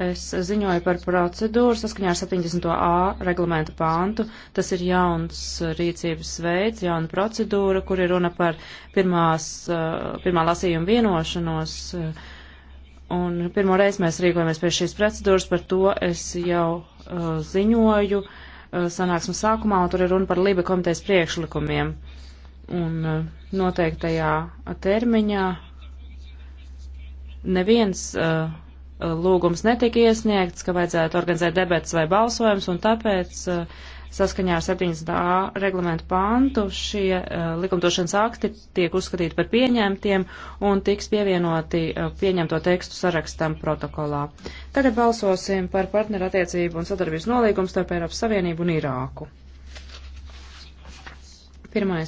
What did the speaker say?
Es ziņoju par procedūru saskaņā ar 70a reglamentu pāntu. Tas ir jauns rīcības veids, jauna procedūra, kur ir runa par pirmās, pirmā lasījuma vienošanos. Un pirmo reizi mēs rīkojamies pie šīs procedūras, par to es jau ziņoju sanāksmes sākumā, un tur ir runa par Liba komitejas priekšlikumiem. Un noteiktajā termiņā neviens uh, Uh, lūgums netika iesniegts, ka vajadzētu organizēt debetas vai balsojums, un tāpēc uh, saskaņā ar 70a reglamentu pantu šie uh, likumdošanas akti tiek uzskatīti par pieņemtiem un tiks pievienoti pieņemto tekstu sarakstam protokolā. Tagad balsosim par partnerattiecību un sadarbības nolīgumu starp Eiropas Savienību un Irāku. Pirmais